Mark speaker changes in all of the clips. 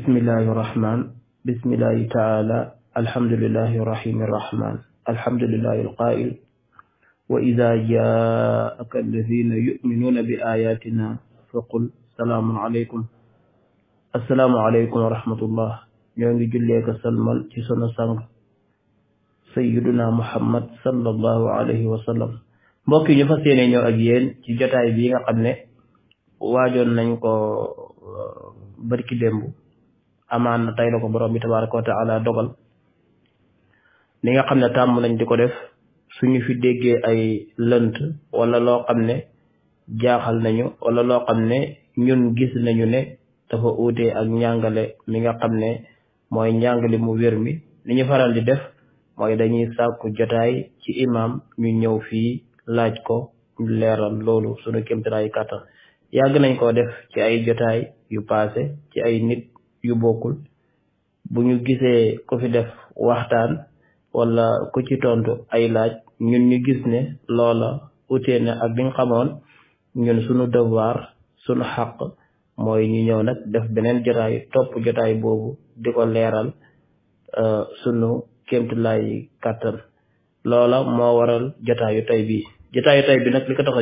Speaker 1: بسم الله الرحمن بسم الله تعالى الحمد لله الرحيم الرحمن الحمد لله القائل وإذا جاءك الذين يؤمنون بآياتنا فقل سلام عليكم السلام عليكم ورحمة الله يعني جليك سلم تسنة سنة سيدنا محمد صلى الله عليه وسلم mbokki ñu fassiyene ñoo ak yeen ci jotaay bi nga xamne amaan na tey la ko borom bi tabaraka wa taala dogal li nga xam ne tàmm nañ di ko def su ñu fi déggee ay lënt wala loo xam ne jaaxal nañu wala loo xam ne ñun gis nañu ne dafa uute ak njàngale mi nga xam ne mooy njàngale mu wér mi li ñu faral di def mooy dañuy sàkku jotaay ci imam ñu ñëw fii laaj ko ñu leeral loolu sunu kéemtalaay kàttan yàgg nañ koo def ci ay jotaay yu paase ci ay nit yu bokkul bu ñu gisee ku fi def waxtaan wala ku ci tontu ay laaj ñun ñu gis ne loola utee na ak liñ xamoon ñun sunu devoir sunu xàq mooy ñu ñëw nag def beneen jotaay topp jotaay bobu di leeral euh, sunu kéemtulaay kàttan loola moo waral jotaayu tey bi jotaayu tey bi nag li ko tax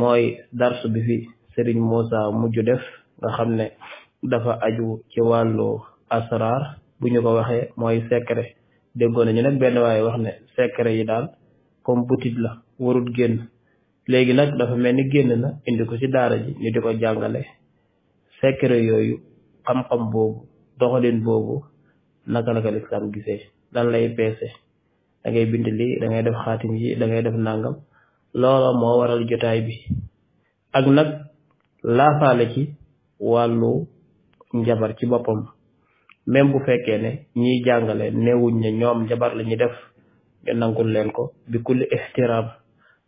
Speaker 1: mooy darsu bi fi Serigne Moussa mujj def nga xam ne dafa aju ci wàllu asrar bu ñu ko waxee mooy secret déggoo nañu nag benn waaye wax ne secret yi daal comme boutique la warut génn léegi nag dafa mel ni génn na indi ko ci daara ji ñu di ko jàngale secret yooyu xam-xam boobu doxalin boobu naka la ko lislaam gisee dan lay peese da bind lii da ngay def xaatim yi da def nangam loola moo waral jotaay bi ak nag laafaale ci wàllu njabar ci boppam même bu fekkee ne ñiy jàngale neewuñ ne ñoom njabar la ñuy def ñu nangul leen ko bi kulli ixtiraam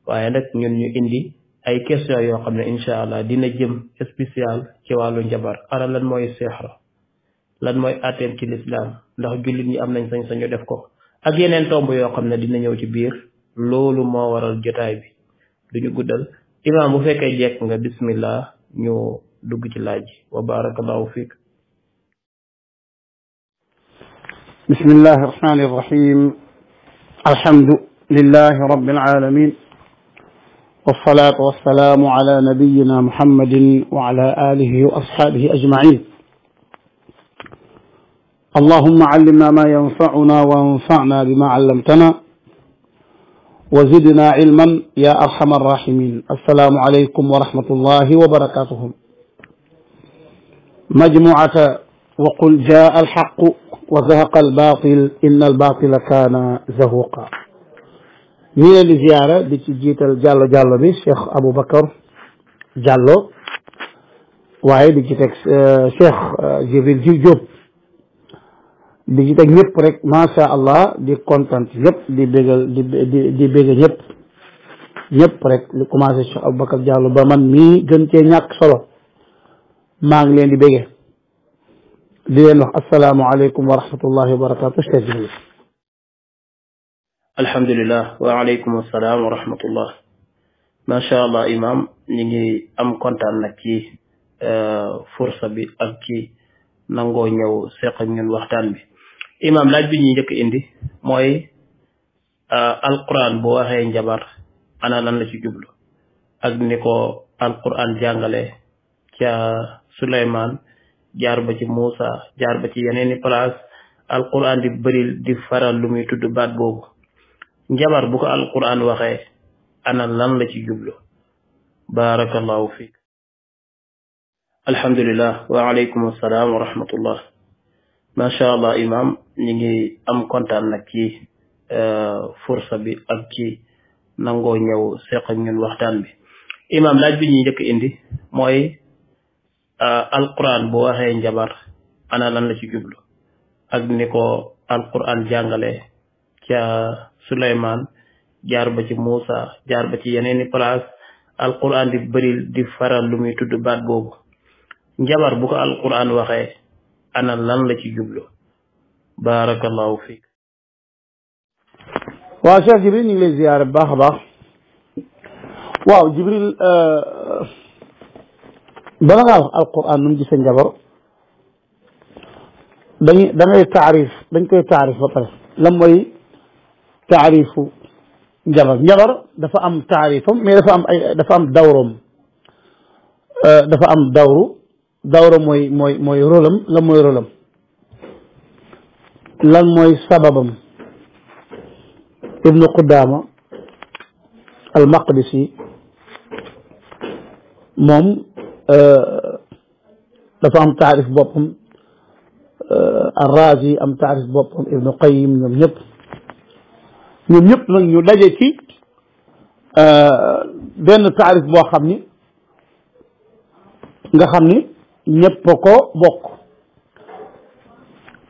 Speaker 1: waaye nag ñun ñu indi ay question yoo xam ne incha allah dina jëm spécial ci wàllu njabar ana lan mooy sexra lan mooy atteem ci lislaam ndax jullit ñi am nañ sañ-sañu def ko ak yeneen tomb yoo xam ne dina ñëw ci biir loolu moo waral jotaay bi duñu guddal imaam bu fekkee jekk nga bismillah ñu dugg ci laaj wa barakallahu
Speaker 2: بسم الله الرحمن الرحيم الحمد لله رب العالمين والصلاة والسلام على نبينا محمد وعلى آله وأصحابه أجمعين اللهم علمنا ما ينفعنا وانفعنا بما علمتنا وزدنا علما يا أرحم الراحمين السلام عليكم ورحمة الله وبركاته مجموعة وقل جاء الحق وزهق الباطل إن الباطل كان زهوقا من الزيارة بتجيت الجالو جالو بي شيخ أبو بكر جالو واي بتجيتك شيخ جبريل جيوب بتجيتك نيب رك ما شاء الله دي كونتنت يب دي بيجل دي دي بيجل يب يب رك لكم شيخ أبو بكر جالو بمن مي جنتي نيك صلوا ماغ لين دي بيغي دي لين السلام عليكم ورحمة الله وبركاته اشتاجي
Speaker 1: الحمد لله وعليكم السلام ورحمة الله ما شاء الله إمام نيجي أم كنت أنك أه فرصة بي أنك نانغو نيو سيقن ين وحدان بي إمام لاج بي نيجيك إندي موي أه القرآن بوهي جبر أنا لن لسي جبلو أجنكو القرآن جانغالي Souleymane jaar ba ci Moussa jaar ba ci yeneeni place alquran di bëril di faral lu muy tudd baat boobu njabar bu ko alquran waxee ana lan la ci jublu barakallahu fiik alhamdulilah wa aleykum assalaam wa rahmatullah macha allah imam ñi ngi am kontaan na kii euh, fursa bi ak ci nangoo ñëw seq ñun waxtaan bi imam laaj bi ñuy njëkk indi mooy Euh, alquran bo waxe njabar ana lan la ci jublu ak ni ko alquran jangale ci sulayman jaar ba ci muusa jaar ba ci yeneeni place alquran di bëril di faral lu muy tuddu baat bobu njabar bu ko alquran waxe ana lan la ci jublu barakallahu fiik
Speaker 2: wa cheikh jibril ni ngi lay ziyaare waaw jibril euh, بلغ القرآن من جسن جبر دنجي تعريف دنجي تعريف وطرس لما تعريف جبر جبر دفع أم تعريفهم مي دفع أم دفع دورهم دفع أم دوره أه، دوره موي موي موي رولم لم موي رولم لم موي سببهم ابن قدامة المقدسي موم dafa am taarif boppam arrazi am taarif boppam ibnu qayim ñoom ñëpp ñoom ñëpp nag ñu daje ci benn taarif boo xam ni nga xam ni ñëpp ko bokk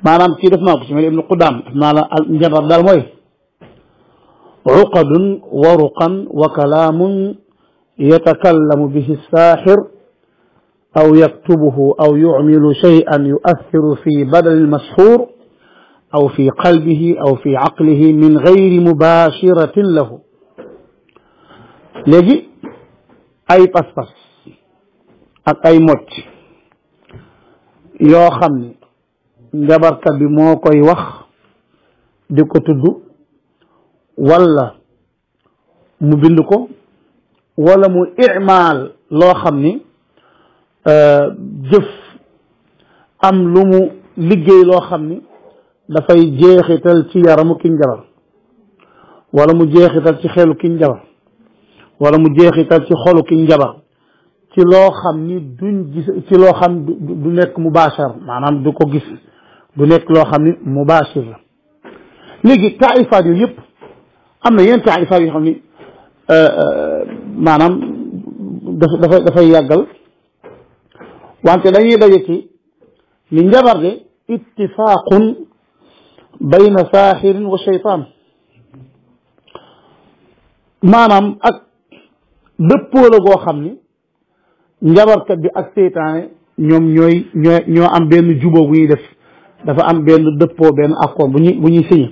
Speaker 2: maanaam kii def naa ko ci mel ibnu qudaam def naa la njënrat daal mooy عقد ورقا وكلام يتكلم به الساحر أو يكتبه أو يعمل شيئا يؤثر في بدن المسحور أو في قلبه أو في عقله من غير مباشرة له لجي أي بس أي موت يو خمي جبرك بموك يوخ ديكو تدو ولا مبندكو ولا مو إعمال لو خمني Euh, jëf am lu mu liggéey loo xam ni dafay jeexital ci yaramu ki njabar wala mu jeexital ci xelu ki wala mu jeexital ci xolu ki njabar ci loo xam ni duñ gis ci loo xam du nekk mubashar maanaam du ko gis du nekk loo xam ni mubashir la léegi taaifaat yooyu yëpp am na yenn taaifaat yoo xam ni euh, euh, maanaam dafa dafay dafay yàggal وانت دايي دايتي من جبر اتفاق بين ساحر وشيطان مانام اك بيبو لو غو خامني نجبر كات بي اك شيطان نيوم نيوي نيو ام بن جوبو بو ني ديف دا فا ام بن ديبو بن اكور بو ني بو ني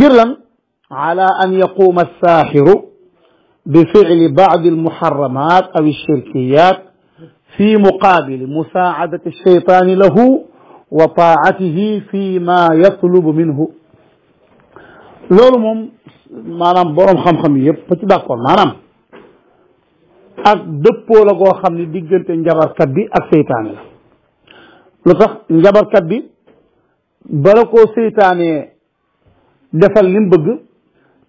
Speaker 2: غير على ان يقوم الساحر بفعل بعض المحرمات او الشركيات في مقابل مساعدة الشيطان له وطاعته فيما يطلب منه loolu moom maanaam boroom xam-xam yëpp ci d'accord maanaam ak dëppoo la goo xam ne diggante njabarkat bi ak seytaane la lu tax njabarkat bi bala koo seytaanee defal li mu bëgg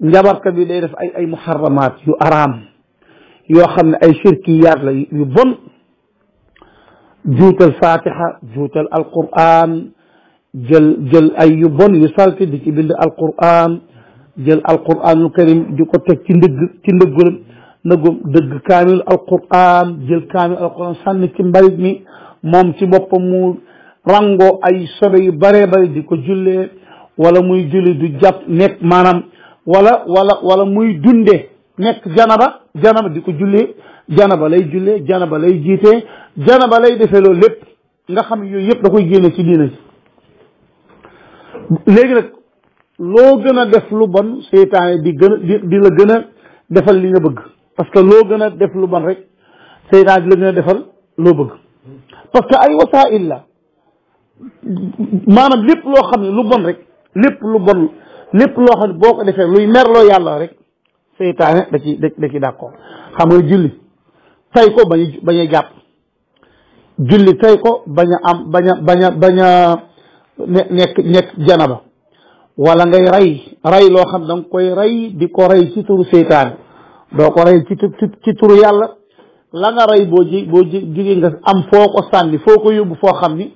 Speaker 2: njabarkat bi day def ay ay muharramaat yu araam yoo xam ne ay shirkiyaat la yu bon juutal fatiha juutal alquran jël jël yu bon yu salte di ci bind alquran jël alquranul karim di ko teg ci ndëgg ci ndëggul nagum dëgg kaamil alquran jël kaamil alquran sànni ci mbalit mi moom ci boppam mu rango ay sobe yu baree bari di ko jullee wala muy julli du jàpp nekk maanaam wala wala wala muy dunde nekk janaba janaba di ko jullee janaba lay julle janaba lay jiite janaba lay defee loolu lépp nga xam yooyu yëpp da koy génne ci diina si léegi nag loo gën a def lu bon seytaane di gën a di di la gën a defal li nga bëgg parce que loo gën a def lu bon rek seytaane di la gën a defal loo bëgg parce que ay wasaa'il la maanaam lépp loo xam ne lu bon rek lépp lu bon lépp loo xam ne boo ko defee luy merloo yàlla rek seytaane da ci da ci d'accord xam nga julli tay ko bañ bañ a tay ko bañ am bañ a bañ a bañ a nekk nekk janaba wala ngay rey rey loo xam da koy rey di ko rey ci turu seytaane doo ko rey ci turu yàlla la nga rey boo ji nga am foo ko sànni foo ko yóbbu foo xam ni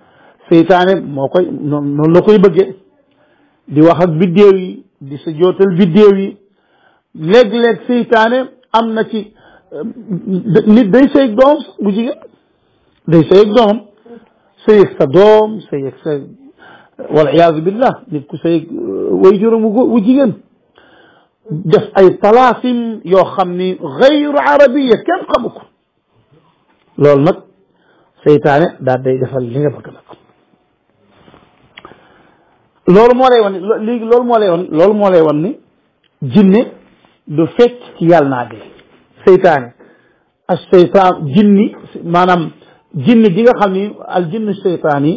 Speaker 2: seytaane moo koy noonu la koy bëggee di wax ak biddéew yi di sa jootal biddéew yi léeg-léeg seytaane am na ci nit day sëy ak doom bu jigéen day sëy ak doom sëy ak sa doom sëy ak sa wal iyaazu billah nit ku sëy ak way juróom wu jigéen def ay talaasim yoo xam ni gayru arabiya kenn xamu ko loolu nag seytaane daal day defal li nga bëgg nag loolu moo lay wan léegi loolu moo lay wan loolu moo lay wan ni jinne du fekk ci yàlla naa dee seytaane as seytaan jinni maanaam jinni ji nga xam ni al jinni seytaan yi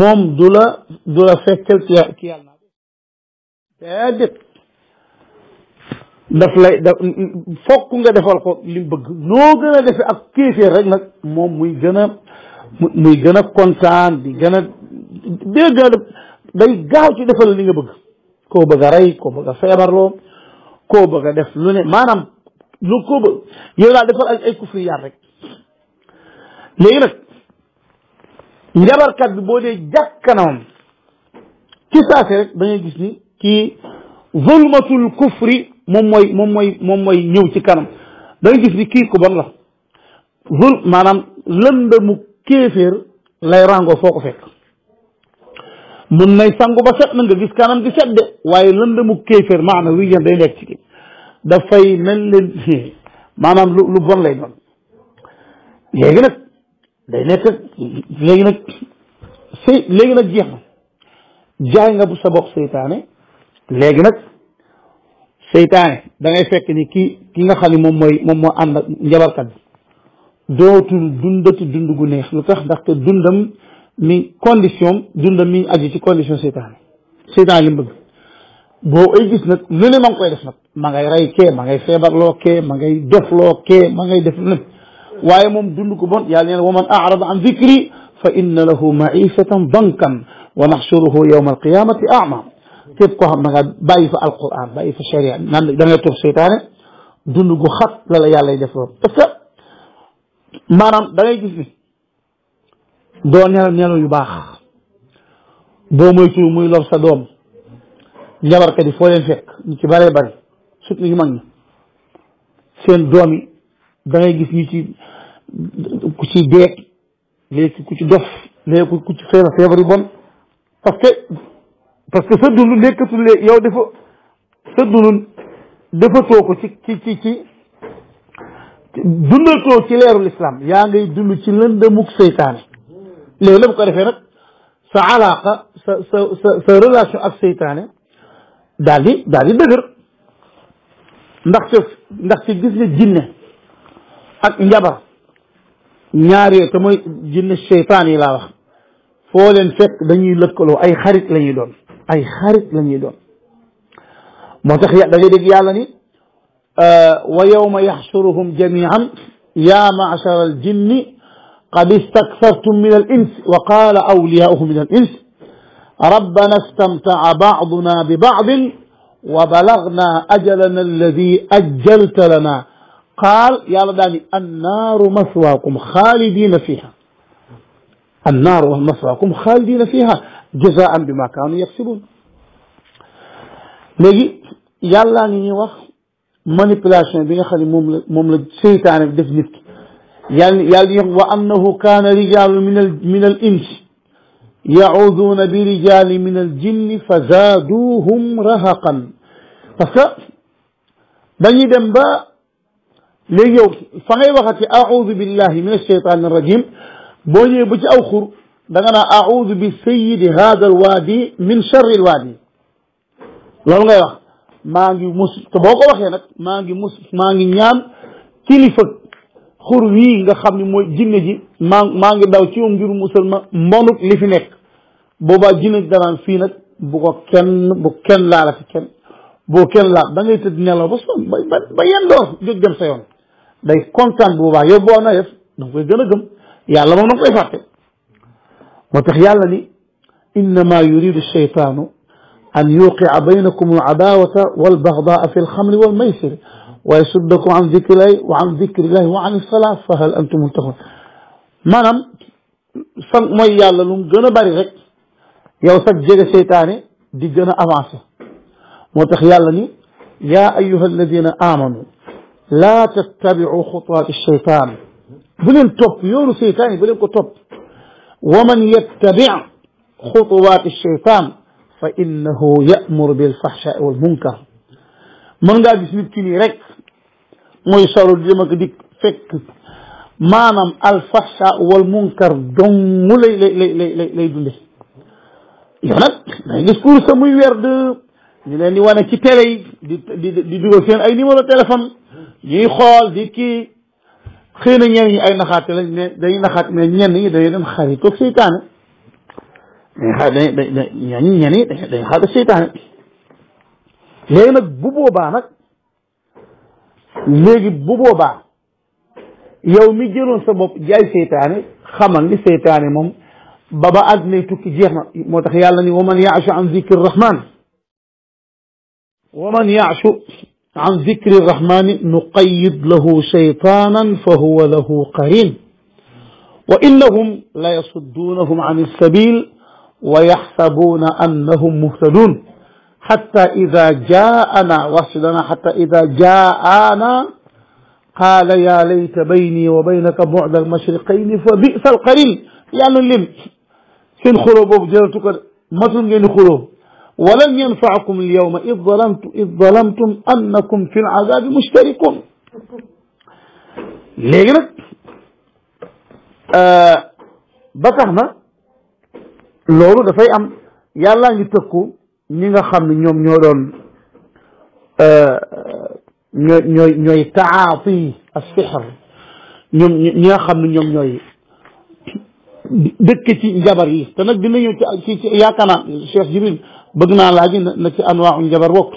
Speaker 2: moom du la du la fekkel ci ci yàlla naa déedéet daf lay da fokk nga defal ko li bëgg noo gën a defe ak kéeféer rek nag moom muy gën a muy gën a kontaan di gën a day gaaw ci defal li nga bëgg koo bëgg a rey koo bëgg a feebarloo koo bëgg a def lu ne maanaam donc koo ba yow daal defal ay kufri yar rek léegi nag njabarkat bi boo dee jàkkanamam ci saase rek da gis ni kii zulmatul kufri moom mooy moom mooy moom mooy ñëw ci kanam da ngay gis ni kii ku la zul maanaam lëndëmu kéeféer lay rango foo ko fekk mun nay sangu ba set na nga gis kanam gi set de waaye lëndëmu kéeféer maanaam wi yan day nekk ci kii dafay mel ni maanaam lu lu bon lay doon léegi nag day nekk léegi nag sëy léegi nag jeex na jaay nga bu sa bopp seytaane léegi nag seytaane dangay fekk ni ki ki nga xam ne moom mooy moom moo ànd ak njabarkat bi dootul dundati dund gu neex lu tax ndaxte dundam mi condition dundam mi aji ci condition seytaane seytaane li mu bëgg boo ay gis nag lu ne ma ngi koy def nag ma ngay rey kee ma ngay feebarloo kee ma ngay defloo kee ma ngay def lépp waaye moom dund ko bon yàlla nee na wa man arada an dicri fa inna lahu maicatan dankan wa naxsuruhu yowma alqiyamati ama képp koo xam da nga bàyyi fa alquran bàyyi fa sharia naan da ngay toog seytaane dund gu xat la la yàlla def loolu parce que maanaam da ngay gis ni doo nelaw nelaw yu baax boo moytu muy lor sa doom njabarkat yi foo leen fekk ñu ci bëree bëri surtout ñu mag ñi seen doom yi da ngay gis ñu ci ku ci deeg léegi ku ci dof léegi ku ci feebar feebar yu bon parce que parce que sa dund nekkatul yow dafa sa dund defatoo ko ci ci ci ci dundatoo ci leerul islam yaa ngay dund ci lëndëmuk seytaane léegi la bu ko defee nag sa alaaqa sa sa sa sa relation ak seytaane daal di daal di dëgër ndaxte ndaxte gis nga jinne ak njabar ñaar yooyu te mooy jinne seytaan yi laa wax foo leen fekk dañuy lëkkaloo ay xarit la ñuy doon ay xarit la ñuy doon moo tax da ngay dégg yàlla ni wa yawma yaxsuruhum jamian ya maachara al jinni qad istakfartum min al ins wa qaala awliyaauhum min al ins ربنا استمتع بعضنا ببعض وبلغنا أجلنا الذي أجلت لنا قال يا رباني النار مثواكم خالدين فيها النار مثواكم خالدين فيها جزاء بما كانوا يكسبون لجي يا ني وخ مانيبلاشن بين خلي مملة ne moom la يعني la seytaane def nit من yàlla يعوذون برجال من الجن فزادوهم رهقا فسا داني دم با ليو فاي وقتي اعوذ بالله من الشيطان الرجيم بوني بوتي اوخر دا انا اعوذ بالسيد هذا الوادي من شر الوادي لون غاي واخ ماغي مس تبوكو واخي نك ماغي مس ماغي نيام كليفك xur wi nga xam ne mooy jinne ji maa maa ngi daw ci moom mbiru musulma mbonuk li fi nekk boobaa jinne ji danaan fii nag bu ko kenn bu kenn la fi kenn boo kenn laal da ngay tëdd nelaw ba son ba ba ba yendoor jóg dem sa yoon day kontaan bu boobaa yow boo na def da nga koy gën a gëm yàlla moom da nga koy fàtte moo tax yàlla ni innama yuridu shaytaanu an yuqia baynakum al adawata wal bagdaa fi al xamri wal maysiri ويصدكم عن ذكر الله وعن ذكر الله وعن الصلاة فهل أنتم منتهون مانام سان موي يالا لوم گنا باري رك ياو شيطاني دي گنا افانسي موتاخ يالا ني يا ايها الذين امنوا لا تتبعوا خطوات الشيطان بلين توب يونو شيطاني بلين كو ومن يتبع خطوات الشيطان فانه يأمر بالفحشاء والمنكر من قال گيس نيت كي ني muy solu di dama ko dikk fekk maanaam alfahsha wal munkar dong lay lay lay lay dunde yow nag day gis kuur sa muy weer ñu leen di wane ci télé yi di di di seen ay numéro téléphone ñuy xool di kii xëy na ñenn ñi ay naxaate lañ ne dañuy naxaat mais ñenn ñi dañuy dem xaritoog seytaane dañ xaar dañ dañ ñenn ñi dañ xaar seytaane léegi nag bu boobaa nag légui bu boba yow mi jëlon sa bop jay seytaane xamal ni seytaane mom baba ba àddunay tukki jeexna motax yàlla ni waman ya'shu an zikri rahman waman ya'shu an zikri rahmani nuqayyid lahu shaytanan fa huwa lahu qarin wa innahum la yasuddunahum an as-sabil ويحسبون أنهم مهتدون حتى إذا جاءنا وصلنا حتى إذا جاءنا قال يا ليت بيني وبينك بعد المشرقين فبئس القرين يعني لم سن خروب ما تنجين خروب ولن ينفعكم اليوم إذ ظلمتم إذ ظلمتم أنكم في العذاب مشتركون لكن آه بكهنا لورو دفعي أم يا الله يتقو ñi nga xam ne ñoom ñoo doon ñooy ñooy ñooy taati as-sihr ñoom ñi nga xam ne ñoom ñooy dëkk ci njabar yi te nag dina ñëw ci ci yaakaar naa Cheikh Jibril bëgg naa laaj na ci anwaa'u njabar bokk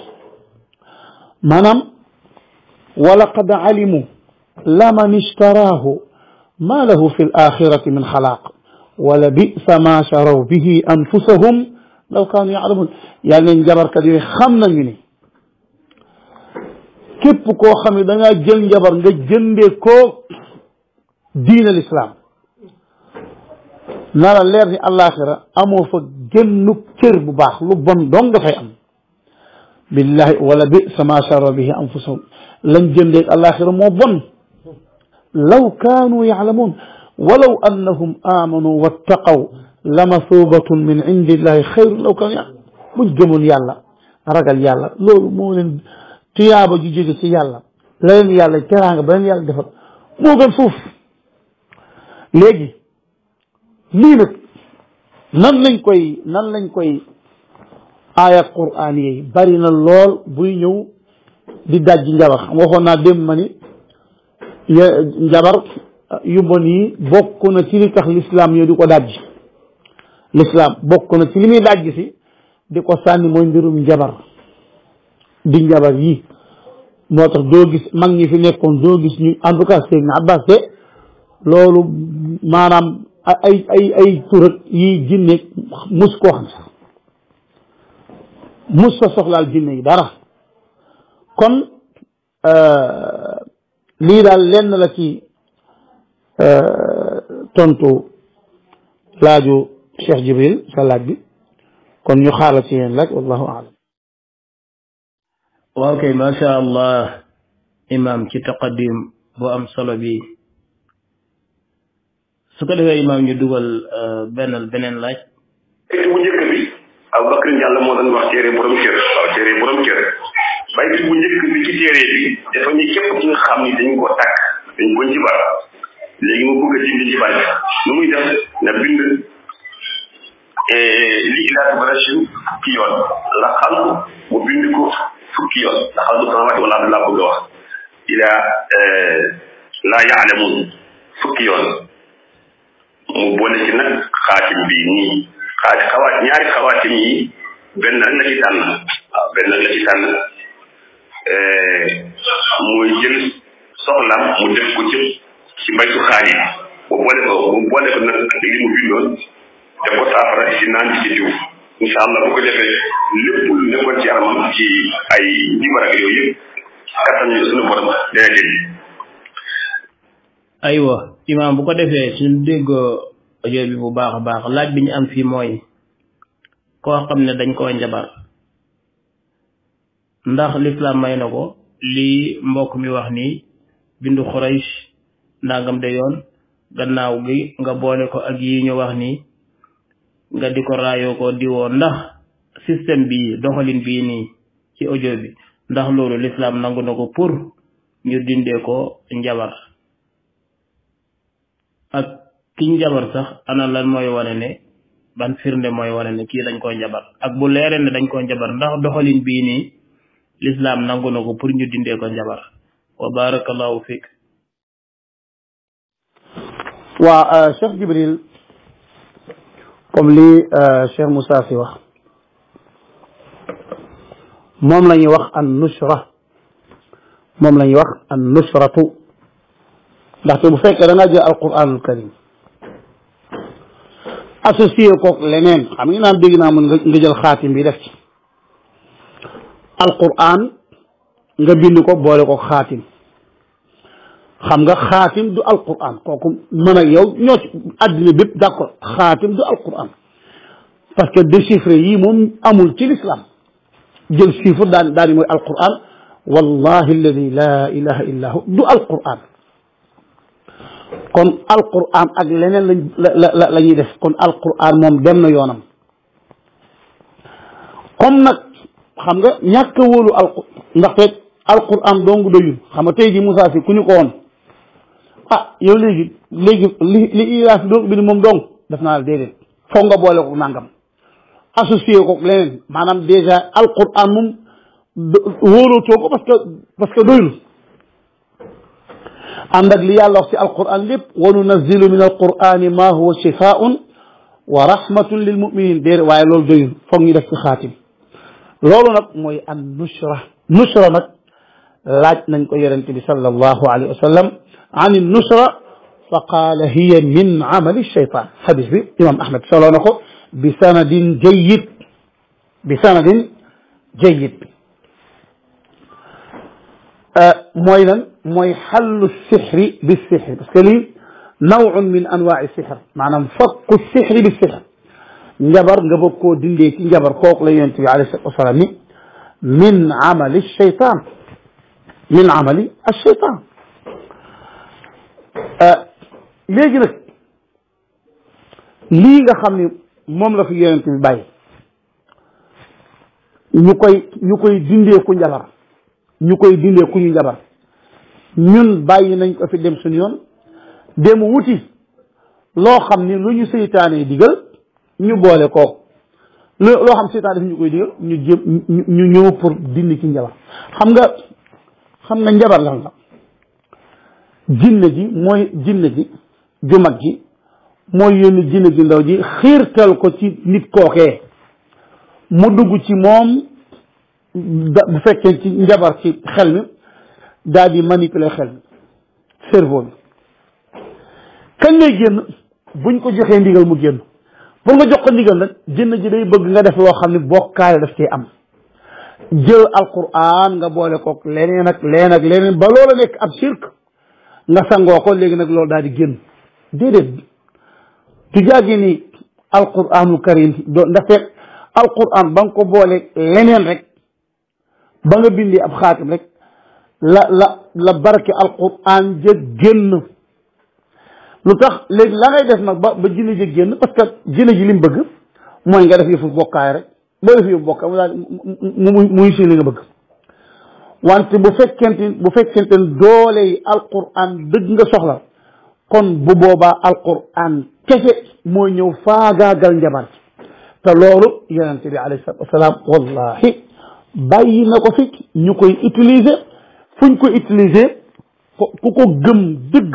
Speaker 2: maanaam wa laqad alimu laman ishtaraahu ma lahu fi l axirati min xalaaq wa la bisa ma sharaw bihi anfusahum لو كانوا يعلمون يعني جبر كدي خمنا مني كيف كو خمي دا جن جبر نجا جندي كو دين الاسلام نرى لير في الاخره امو فا جنو كير بو دون فاي ام بالله ولا بئس ما شر به انفسهم لن جندي الاخره مو بون لو كانوا يعلمون ولو انهم امنوا واتقوا lamasuubatun min indillahi xayrun law kan yàlla buñ gëmoon yàlla ragal yàlla loolu moo leen tuyaaba ju jóge ci yàlla la leen yàlla teraanga ba leen yàlla defal moo gën fuuf léegi lii nan lañ koy nan lañ koy aaya bari na lool buy ñëw di dajji njabar xam waxoon naa démb ma ni njabar yu bon yi bokk na ci li tax lislaam yow di ko dajji lislaam bokk na ci li muy dajj si di ko sànni mooy mbirum njabar di njabar yi moo tax doo gis mag ñi fi nekkoon doo gis ñu en tout cas Seydina Abbas de loolu maanaam ay ay ay turak yi jinne mus koo xam sax mus sa soxlaal jinne yi dara kon euh, lii daal lenn la ci euh, tontu laaju Cheikh Jibril sa laaj bi kon ñu xaaral ci yéen laaj wallahu aalam
Speaker 1: waaw kay allah imaam ci taqadim bu am solo bi su ko defee imaam ñu dugal euh, benn beneen laaj
Speaker 3: bu njëkk bi Abubakar Njàll moo doon téere borom cër waaw téere borom cër bi ci téere bi dafa ñu ci xam ni dañ ko takk dañ ko njibar léegi mu bëgg a dindi njibar nu muy def na bind li ilaati fukki yoon la mu bind ko fukki yoon la xalku samawati wala abdi laa bëgg a wax euh, ila laa yaalamun fukki yoon mu boole ci bi nii xaati xawaat ñaari xawaatim yi benn rek la ci tànn waaw benn la euh, mu def ko ci ci mbaytu mu boole mu boole ko nag mu bindoon te ko saafara ci naan ci diw insha bu ko defee lépp lu nekkoon ci yaramam ci ay jibar ak yooyu yëpp kattan ñu suñu borom dana jël
Speaker 1: aywa imam bu ko defee suñu déggoo audio bi bu baax baax laaj bi ñu am fii mooy koo xam dañ koo njabar ndax l'islam may na ko mi wax bindu de gannaaw gi nga boole ko ak yi ñu wax nga di ko ko diwoo ndax système bi doxalin bii nii ci audio bi ndax loolu lislaam nangu na ko pour ñu dindee ko njabar ak ki njabar sax ana lan mooy wane ne ban firnde mooy wane ne kii dañ koo njabar ak bu leere ne dañ koo njabar ndax doxalin bii nii lislaam nangu na ko pour ñu dindee ko njabar wa barakallahu fiik
Speaker 2: waa euh, Cheikh Jibril comme li Cheikh Moussa fi wax mom la wax an nushra mom la wax an nushratu ndax bu fekk da nga jël alquran al karim associé ko leneen xam nga naan dégg naa mën nga jël xaatim bi def ci alquran nga bind ko boole ko xaatim xam nga xaatim du alquran kooku mën ak yow ñoo ci du alquran que déchiffré yii moom amul ci l'islam jël chiffre daan daan mooy alquran wallahi alladi la hu du alquran kon alquran ak leneen lañ la la la ñuy def kon alquran moom dem na yoonam comme nag xam nga ñàkk a wóolu alqur ndaxte alquran dong doyul xam nga tey ji Moussa si ku ñu ko ah yow léegi léegi li li ilaaf donc bi moom dong def naa la déedéet foog nga boole ko nangam associé ko leneen maanaam dèjà alquran moom wóolootoo ko parce que parce que doylu ànd ak li yàlla wax ci alquran lépp wa nunazilu min alqurani ma huwa shifaun wa rahmatun lil muminin déedéet waaye loolu doyul foog ñu def ci xaatim loolu nag mooy an nushra nushra nag laaj nañ ko yonente bi sallallahu alayhi wa sallam عن النصرة فقال هي من عمل الشيطان حديث الإمام أحمد صلى الله عليه وسلم بسند جيد بسند جيد مويلا آه، موي السحر بالسحر بس كلين نوع من أنواع السحر معنى فك السحر بالسحر نجبر جبكو دنديك جبر فوق لي أنت على سلامي من عمل الشيطان من عمل الشيطان Euh, léegi nag lii nga xam ni moom la fi yonent bi bàyyi ñu koy ñu koy dindee ku njabar ñu koy dindee ku ñu njabar ñun bàyyi nañ ko fi dem suñu yoon dem wuti loo xam ni lu ñu seytaanee digal ñu boole kooku loo xam seytaan daf ñu koy digal ñu jëm ñu ñëw pour dindi ci njabar xam nga xam nga njabar lan la jinne ji mooy jinne ji ju mag ji mooy yónni jinne ju ndaw ji xiirtal ko ci nit kookee mu dugg ci moom bu fekkee ci njabar ci xel mi daal di manipuler xel mi cerveau bi kañ lay génn buñ ko joxee ndigal mu génn pour nga jox ko ndigal nag jinne ji day bëgg nga def loo xam ne bokkaale daf cee am jël alquran nga boole kook leneen ak leneen ak leneen ba loola nekk ab shirk nga sangoo ko léegi nag loolu daal di génn déedéet du jàggi ni alquranul karim do ndaxte alquran ba nga ko boole leneen rek ba nga bindi ab xaatim rek la la la barke alquran ja génn lu tax léegi la ngay def nag ba ba jinne ja génn parce que jinne ji li bëgg mooy nga def yëfu bokkaay rek boo def yëfu bokkaay mu daal mu muy si li nga bëgg wante bu fekkente bu fekkente doole yi alquran dëgg nga soxla kon bu boobaa alquran kese mooy ñëw faagaagal njabar ci te loolu yonente bi alayhi salatu wasalaam wallahi bàyyi na ko fi ñu koy utiliser fuñ ko utiliser ku ko gëm dëgg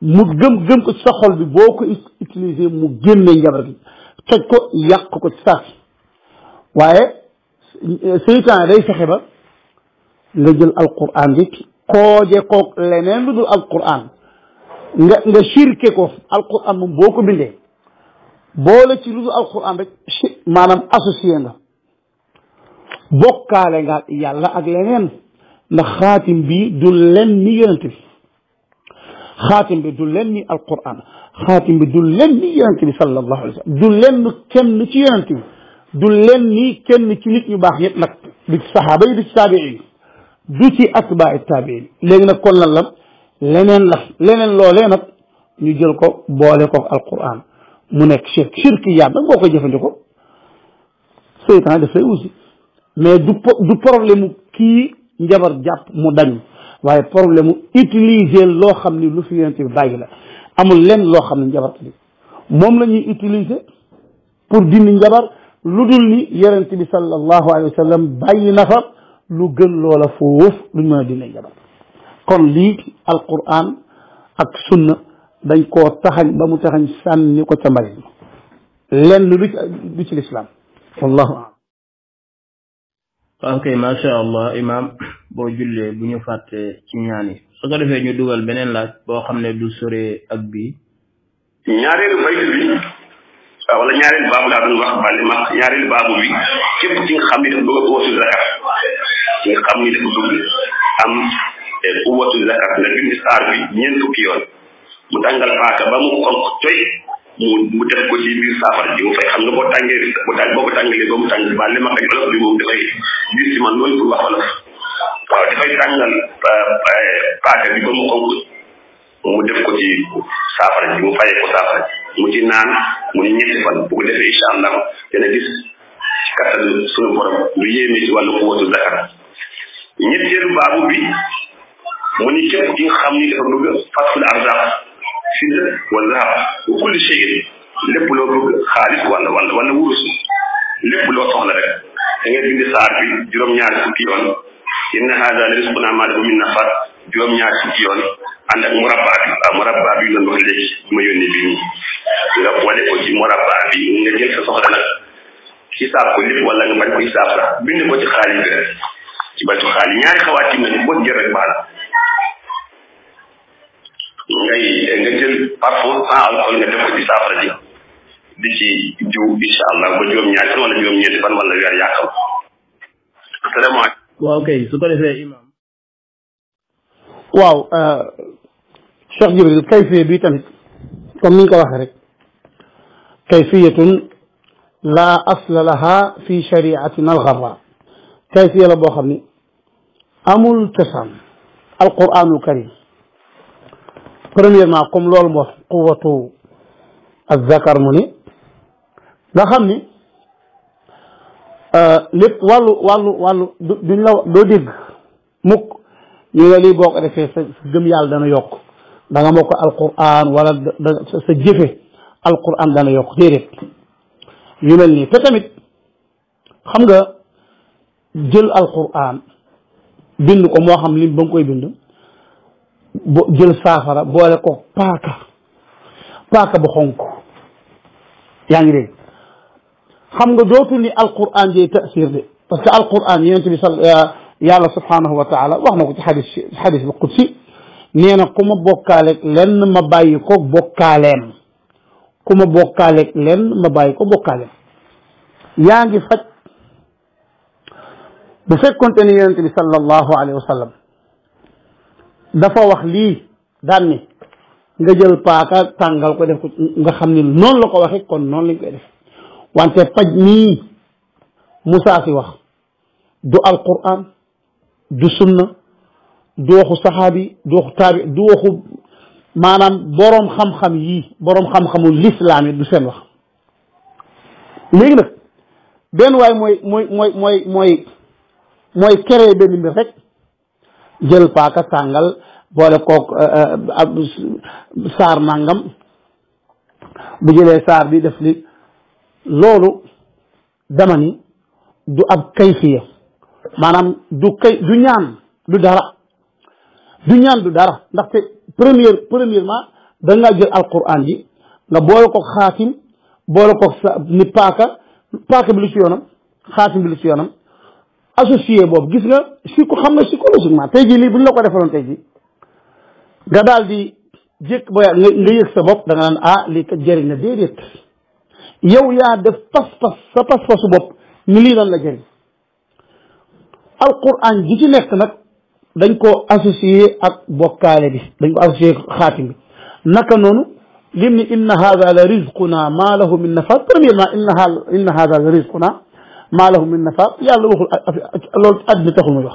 Speaker 2: mu gëm gëm ko sa xol bi boo ko utiliser mu génne njabar gi toj ko yàq ko ci saasi waaye seytaan day fexe ba nga jël alquran bi kooje koog leneen lu dul alquran nga nga shirke ko alquran moom boo ko bindee boole ci lu dul alquran rek shi maanaam associé nga bokkaale nga yàlla ak leneen ndax xaatim bi du len ni yonent bi xaatim bi du len ni alquran xaatim bi du len ni yonent bi sallallahu alayhi wa sallam du lenn kenn ci yonent bi du len ni kenn ci nit ñu baax yépp nag du ci saxaaba yi du ci taabiin دوتي أتباع التابعين لين كل لم لين لف لين لو لين نجيل كو بوالي كو القرآن منك شرك شرك يا بان كو كو جفن جوكو سيطان هذا سيوزي مي دو بروبليم كي نجبر جاب مدن واي بروبليم اتليزي لو خمني لو فيان تي بايلا امول لين لو خمني نجبر موم لا ني اتليزي pour dindi njabar ludul ni yaronte sallallahu alayhi wasallam bayyi lu gën loola foofu luñ mën a dinañ jabar kon lii alquran ak sunna dañ koo taxañ ba mu taxañ sànni ko ca mbalit ma lenn lu lu ci lislaam wallahu alam
Speaker 1: ok macha allah imam boo jullee bu ñu fàtte ci ñaan yi su ko defee ñu dugal beneen laaj boo xam ne du sore ak bii
Speaker 3: ñaareelu baytu bi wala ñaareelu baabu laa doon wax bandi ma ñaareelu nga xam ni dafa nga xam ni dafa bëgg am eh, uwatu zakat nga bind saar ba mu def ko ci biir saafara ji mu fay xam nga boo tàngee bu tàng ko ba mu tàng bandi ma ak wolof bi moom biir ci man loolu pour wax wolof waaw dafay tàngal eh, paaka bi ba mu xonq mu def ko ci saafara ji mu fayee ko saafara ji mu ci naan mu ñetti fan bu ko defee incha allah dana gis ci kattan suñu borom lu yéeme ci wàllu quwwatu zakar ñetteelu baabu bi mu ni képp ki xam ni dafa bëgg fatful arzaq fidda wa zahab wa kulli shay'in lépp loo lépp loo soxla rek da ngay bind saar bi juróom-ñaari fukki yoon inna hada la risquna ma lahu min nafat juróom-ñaar fukki yoon ànd ak murabba bi waaw murabba bi ñu doon wax léegi ma yónnee bi nii nga boole ko ci murabba bi nga jël sa ko lépp wala nga bañ ko xisaab bi rek ci bàccu xaalis ñaari xawaat ci mel boo jël rek baax na ngay nga jël parfum sans alcool nga def ko ci ji di ci jiw incha allah ba juróom-ñaar fan wala juróom-ñeenti fan wala weer yaakaar. vraiment.
Speaker 1: waaw kay ko defee imam
Speaker 2: waaw Cheikh Jibril kayfiya bi tamit comme ni ñu ko waxee rek kayfiyatun laa asla laha fi shariatina alxarra kayfiya la boo xam ni amul cosaan alquranul karim premièrement comme loolu moo wax quwatu azzakar mu ni nga xam ni lépp wàllu wàllu wàllu duñ la doo dégg mukk ñu ne lii boo ko defee sa gëm yàlla dana yokk da nga mokk alquran wala sa jëfe alquran dana yokk déedéet yu mel nii te tamit xam nga jël alquran bind ko moo xam lim ba nga koy bind bo jël saafara boole ko paaka paaka bu xonk yaa ngi dégg xam nga dootul ni alquran jëy tasir de parce que alquran yonent bi sal euh, yàlla subhaanahu wa taala wax na ko ci xadis xadis bu qudsi nee na ku ma bokkaaleeg lenn ma bàyyi ko ma bokkaaleeg lenn ma bàyyi ko bokkaaleem yaa ngi faj bu fekkonte ni yonente bi sallallahu alayhi wa sallam dafa wax lii daan ni nga jël paaka tàngal ko def nga xam ni noonu la ko waxee kon noonu lañ koy def wante paj mii Musaa wax du alquran du sunna du waxu saxaabi du waxu taabi du waxu maanaam boroom xam-xam yii boroom xam-xamu lislaam yi du seen wax léegi nag benn waay mooy mooy mooy mooy mooy mooy benn mbir rek jël paaka tàngal boole kook euh, euh, saar nangam bu jëlee saar bi def li loolu dama ni du ab kayfiya manam du kay du ñaan du dara du ñaan du dara ndaxte première premièrement da nga jël alquran yi nga boole ko khatim boole ko sa ni paka paka bi lu ci yonam khatim bi lu ci yonam associé boobu gis nga ci ko xam nga psychologiquement tey jii lii bu ñu la ko defalon tay ji nga daal di jékk ba nga nga sa bop da nga nan ah li kat jeriñ na dedet yow ya def pas-pas sa pas-pasu bop ni li lan la jeriñ القران جي سي نيك نك دنجكو اسوسيي اك بوكالي بي دنجكو اسوسيي خاتم نكا نونو لمن ان هذا لرزقنا ما له من نفاق ما انها ان هذا لرزقنا ما له من نفاق يلا وخل لول ادني تخو ما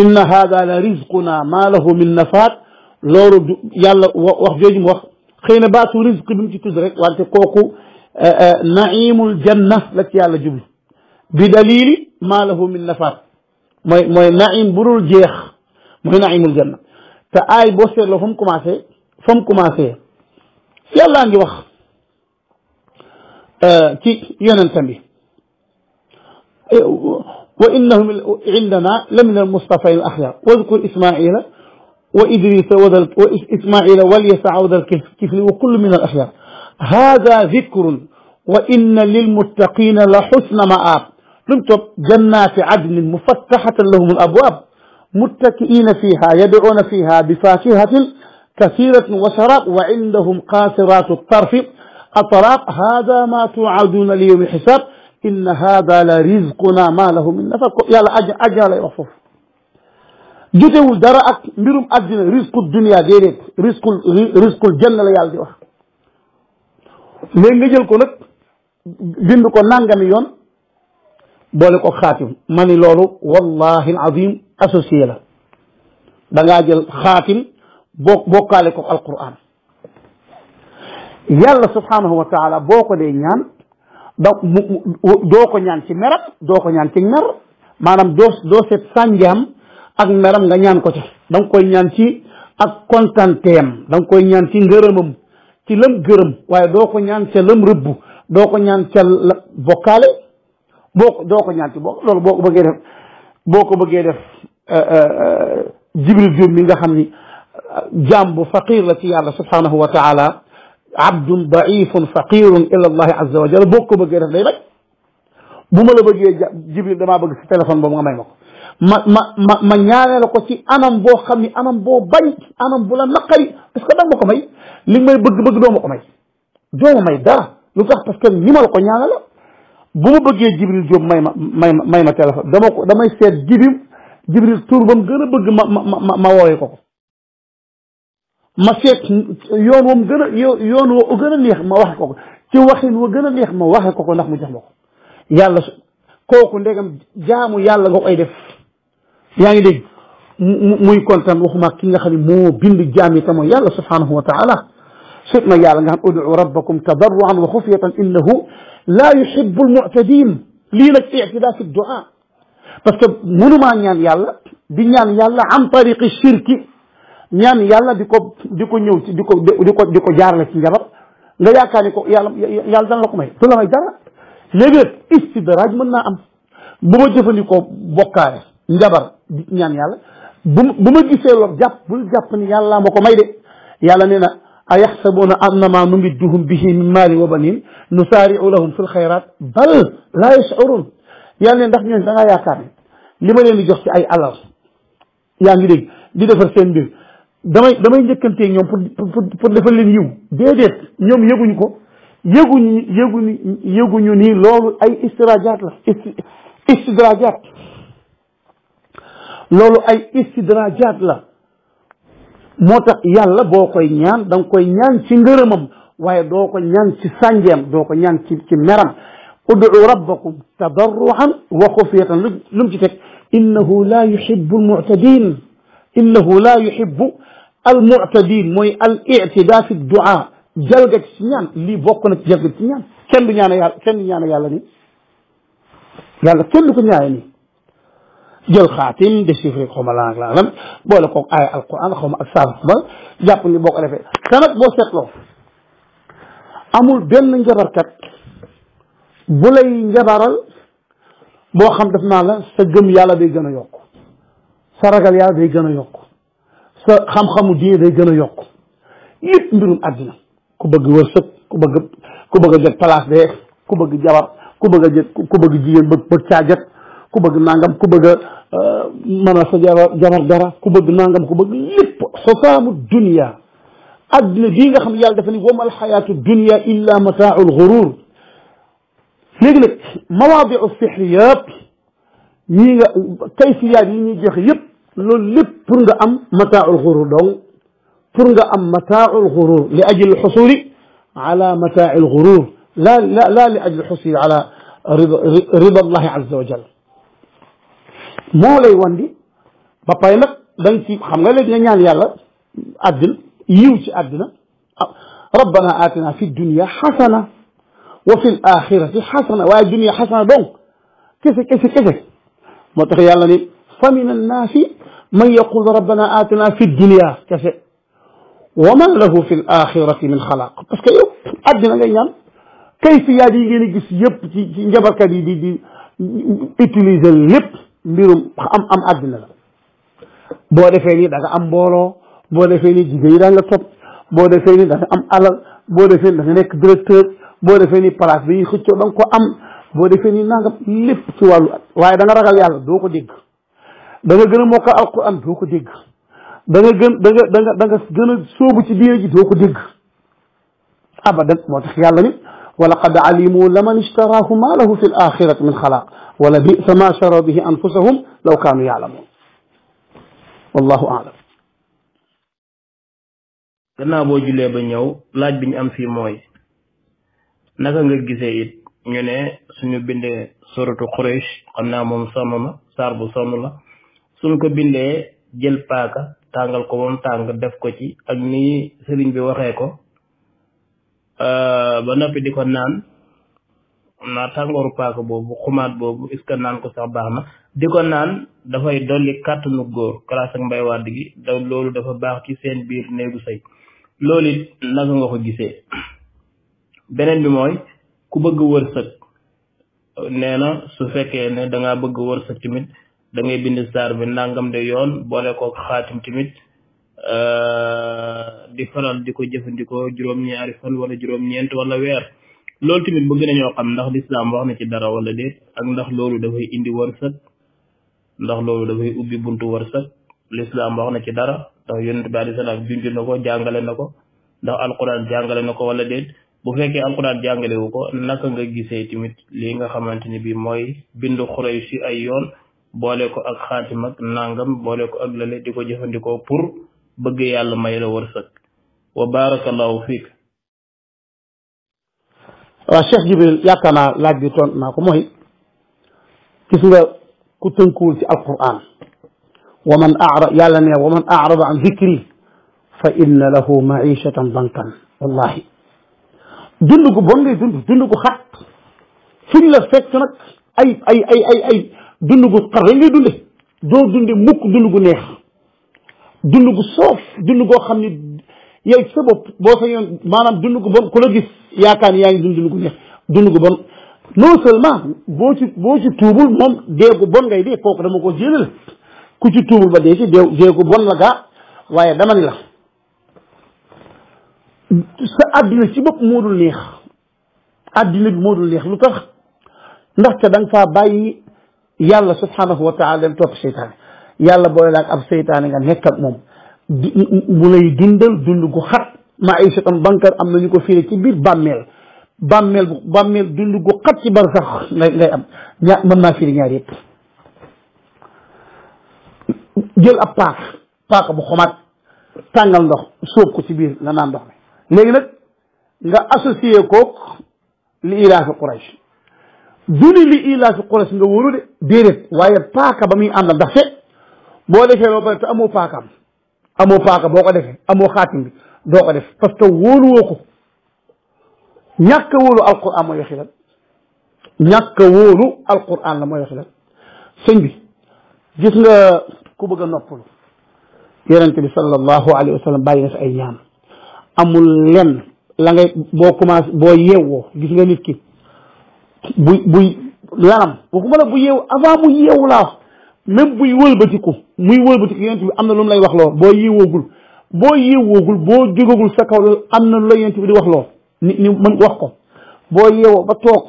Speaker 2: ان هذا لرزقنا ما له من نفاق لور يلا وخ جوج مو خينا باتو رزق بيم تود رك وانت كوكو نعيم الجنه لك يلا جوج بدليل ما له من نفر موي موي نعيم برول جيخ موي نعيم الجنه تا اي بوسر لو فم كوماسي فم كوماسي يلا نجي واخ ا آه، كي يونتان بي إيه، وانهم عندنا لمن المصطفى الاحياء واذكر اسماعيل وادريس وذل واسماعيل واليسع وذل الكفل وكل من الاحياء هذا ذكر وان للمتقين لحسن مآب ما لمتب جنات عدن مفتحة لهم الأبواب متكئين فيها يدعون فيها بفاكهة كثيرة وشراب وعندهم قاصرات الطرف أطراق هذا ما توعدون ليوم الحساب إن هذا لرزقنا ما له من نفق لأجل أجل يوفف jotewul dara درأك mbirum àddina رزق الدنيا déedéet رزق risque janna la yàlla نجل wax léegi nga jël bolé ko khatim, mani lolu wallahi alazim associé la da nga jël khatim bok bokalé ko alquran yalla subhanahu wa taala boko dé ñaan da doo ko ñaan ci meram do ko ñaan ci mer manam do do set sanjam ak meram nga ñaan ko ci dang koy ñaan ci ak contentem dang koy ñaan ci ngeureumum ci lam geureum waye do ko ñaan ci lam rubbu do ko ñaan ci boko doko ñanti boko lolu boko bëgge def boko bëgge def jibril jom mi nga xamni jamb faqir la ci yalla subhanahu wa ta'ala عبد ضعيف فقير الى الله عز وجل بوكو بغي ديف داي باج بوما لا بغي جبريل دما بغي سي تليفون بوم bu ma bëggee jibril Diop may ma may ma may ma téléphone dama ko damay seet jibril jibril tur ba mu gën a bëgg ma ma ma ma woowee ko ko ma seet yoon wam gën a yoon wa gën a neex ma waxe ko ko ci waxin wa gën a neex ma waxe ko ko ndax mu jox ma ko yàlla kooku ndegam jaamu yàlla nga koy def yaa ngi dégg muy kontaan waxuma ki nga xam ne moo bind jaam yi te mooy yàlla subhanahu wa taala sut na yàlla nga xam ud'u rabbakum tadarruan wa xufyatan innahu laa yuhibbu almu'tadin lii nag ictidaa fi duaa parce que mënumaa ñaan yàlla di ñaan yàlla am tariqi shirki ñaan yàlla di ko di ko ñëw ci di ko di ko di ko jaarale ci njabar nga yaakaar ni ko yàlla yàlla dana la ko may du la may dara léegi istidraaj mën naa am bu ma jëfandikoo bokkaare njabar di ñaan yàlla bu bu ma gisee loolu jàpp bul jàpp ni yàlla ma ko may de yàlla nee na أيحسبون أن ما نمدهم به من مال وبنين نسارع لهم في الخيرات بل لا يشعرون yàlla ne ndax ñooñu da ngaa yaakaar ne li ma leen di jox ci ay alal yaa ngi dégg di defar seen mbir damay damay njëkkantee ñoom pour pour pour defal leen yiw déedéet ñoom yëguñu ko yëguñu yëguñu yëguñu nii loolu ay istidrajaat la istidrajaat loolu ay istidrajaat la moo tax yàlla boo koy ñaan da nga ñaan ci ngërëmam waaye doo ko ñaan ci sànjeem doo ko ñaan ci ci meram ud'u rabbakum tadarruan wa xufyatan lu ci teg innahu la yuhibbu almu'tadin innahu la yuhibbu almu'tadin mooy al i'tida fi lii bokk na ci jalgat ci kenn du ñaane yàlla kenn du jël xaatim déchiffré xaw ma lan ak lan lan boole koog aaya alquran xaw ma ak saar xaw jàpp ni boo ko defee te nag boo seetloo amul benn njabarkat bu lay njabaral boo xam def naa la sa gëm yàlla day gën a yokk sa ragal yàlla day gën a yokk sa xam-xamu diine day gën a yokk yëpp mbirum àddina ku bëgg wërsëg ku bëgg ku bëgg a jot place de ku bëgg jabar ku bëgg a jot ku bëgg jigéen bëgg bëgg ku bëgg nangam ku bëgg maanaam sa jabar dara ku bëgg nangam ku bëgg lépp xosaamu dunia adduna bii nga xam ne yàlla dafa ni wama alxayaatu dunia illa mataau lxurur léegi nag mawaadiu sixr yëpp ñii nga kayfiyaat yi ñuy joxe yëpp loolu lépp pour nga am mataau lxurur donc pour nga am mataau lxurur li ajli lxusuli ala mataai lxurur la la la li ajli lxusuli ala rida rida allahi azza wa jalla moo lay wandi ba pare nag da nga ci xam nga léegi nga ñaan yàlla àddina yiw ربنا آتنا في الدنيا حسنة وفي الآخرة حسنة وهي الدنيا حسنة دونك كيف كيف كذا ما تخيلني فمن الناس من يقول ربنا آتنا في الدنيا كذا ومن له في الآخرة من خلاق بس كيو أدنا غيان كيف يا دي غيني غيس ييب تي نجبر كدي دي دي utiliser lépp mbirum am am àddina la boo defee nii daga am mbooloo boo defee ni jigéen yi da nga topp boo defee nii da am alal boo defee nii da nekk directeur boo defee nii place bi ñuy xëccoo nga ko am boo defee nii nangam lépp ci wàllu at waaye da ragal yàlla doo ko dégg da nga gën a mokkal alquran doo ko dégg da nga gën da nga da nga gën a sóobu ci diine ji doo ko dégg abadan moo tax yàlla ni ولقد علموا لمن اشتراه ما له في الآخرة من خلاق ولبئس ما شروا به أنفسهم لو كانوا يعلمون والله أعلم
Speaker 1: gannaaw boo jullee ba ñëw laaj bi ñu am fii mooy naka nga gisee it ñu ne suñu bindee soratu Quraysh xam naa moom sonn na saar bu sonn la suñ ko bindee jël paaka tàngal ko ba mu tàng def ko ci ak ni sëriñ bi waxee ko Euh, ba noppi di ko naan naa tàngooru paaka boobu xumaat boobu est-ce naan ko sax baax na di ko naan dafay dolli kàttanu góor classe ak mbay wadd gi da loolu dafa baax ci seen biir néegu sëy loolu it naka nga ko gisee beneen bi mooy ku bëgg wërsëg nee na su fekkee ne danga bëgg wërsëg tamit dangay bind saar bi nangam de yoon boole ko xaatim tamit Euh, di faral di ko jëfandikoo juróom-ñaari fan wala juróom-ñeent wala weer loolu tamit bëgg nañoo xam ndax lislaam wax na ci dara wala déet ak ndax loolu dafay indi wërsëg ndax loolu dafay ubbi buntu wërsëg lislaam wax na ci dara ndax yonent bi alei salaam junj na ko jàngale na ko ndax alquran jàngale na ko wala déet bu fekkee alquran jàngale wu ko naka nga gisee timit lii nga xamante ni bi mooy bindu xurey si ay yoon boole ko ak xaatim ak nangam boole ko ak di ko jëfandikoo pour bëgg yàlla may la wërsëg wa barakallahu fiik
Speaker 2: waaw Cheikh Jibril yaakaar naa laaj bi toon naa ko mooy gis nga ku tënkuwul ci alquran wa man arad yàlla ne wa an zikri fa inna lahu maishatan wallahi dund gu bon ngay dund la fekk nag ay ay ay ay ay dund gu xar ngay dund gu soof dund goo xam ni yow ci bopp boo sañoon maanaam dund gu bon ku la gis yaakaar ni yaa ngi dund dund gu neex dund gu bon non seulement boo ci boo ci tuubul moom dee gu bon ngay dee kooku dama ko jëlal ku ci tuubul ba dee ci dee dee bon la gaa waaye dama la sa àddina ci bopp moo dul neex àddina bi moo dul neex lu tax ndaxte da nga faa bàyyi yàlla subhanahu wa taala dem topp seytaane yàlla boole la ak ab seytaane nga nekk ak moom mu lay dindal dund gu xat maïshatan bankar am nañu ko firi ci biir bàmmeel bàmmeel bu bàmmeel dund gu xat ci barsax ngay ngay am ñaar mën naa firi ñaar yëpp jël ab paaka bu xomaat tàngal ndox sóob ko ci biir nga naan ndox mi léegi nag nga associé koog li laa Quraysh du ni li ilaafi Quraysh nga wóolu de déedéet waaye paaka ba muy àndal ndax fe boo defee ba pare te amoo paakaam amoo paaka boo ko defee amoo xaatim bi doo ko def parce que wóoluwoo ko ñàkk a wóolu alquran mooy waxi lan ñàkk a wóolu alquran la mooy waxi lan sëñ bi gis nga ku bëgg a noppalu yonent bi sallallahu alayhi wa sallam bàyyi na fi ay ñaan amul lenn la ngay boo commencé boo yeewoo gis nga nit ki buy buy laram waxuma la bu yeewu avant mu yeewu laa même buy wëlbatiku muy wëlbatiku yonent bi am na lu mu lay wax loo boo yiwoogul boo yiwoogul boo jógagul sa kaw am na lu la yonent bi di wax loo ni ni mën wax ko boo yeewoo ba toog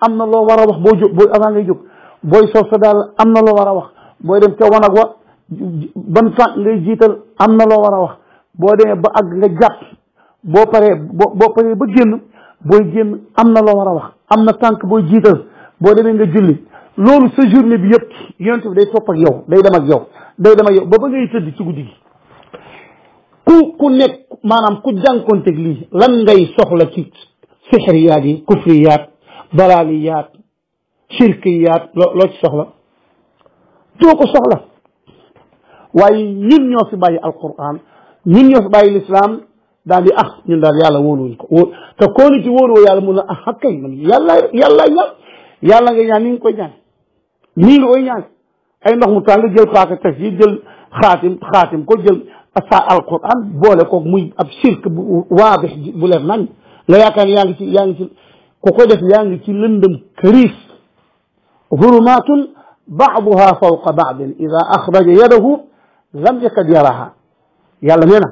Speaker 2: am na loo war a wax boo jóg boo avant ngay jóg booy sol sa daal am na loo war a wax booy dem ca wanag wa ban tànk ngay jiital am na loo war a wax boo demee ba àgg nga jàpp boo paree boo boo paree ba génn booy génn am na loo war a wax am na tànk booy jiital boo demee nga julli loolu sa journée bi yëpp yonent bi day topp yow day dem ak yow day dem ak yow ba ba ngay tëdd ci guddi gi ku ku nekk maanaam ku jànkonteeg lii lan ngay soxla ci sixriyaat yi kufriyaat dalaaliyaat shirkiyaat loo loo ci soxla doo ko soxla waaye ñun ñoo fi bàyyi alquran ñun ñoo fi bàyyi lislaam daal di ah ñun daal yàlla wóoluwuñ ko wóolu te koo ni ci yàlla mun na ah kay man yàlla yàlla ñaan yàlla nga ñaan ni nga koy ñaan ñii nga Boy Niang ay ndox mu tàng jël paaka teg yi jël xaatim xaatim ko jël sa alquran boole koog muy ab shirk bu waabix bu leer nañ nga yaakaar yaa ngi ci yaa ngi ci ku ko def yaa ngi ci lëndëm këriis zulumaatun ba'duha fawqa ba'din ida axraja yadahu lam yakad yaraha yàlla nee na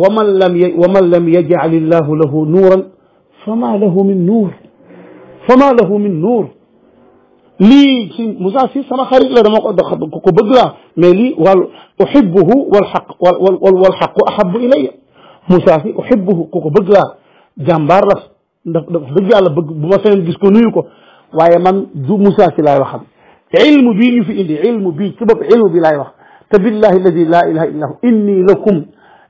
Speaker 2: wa man lam wa man lam yajcal illahu lahu nuuran fama lahu min nuur fama lahu min nuur لي مساسي سما خريج لا ما كبغلا ملي احبه والحق والحق احب الي مساسي احبه كبغلا جامبار لا دغ يالا بما سين غيس كو نيوكو واي مان دو مساسي لا وخم علم بي في اندي علم بي كبب علم بي لا وخ تبالله الذي لا اله الا هو اني لكم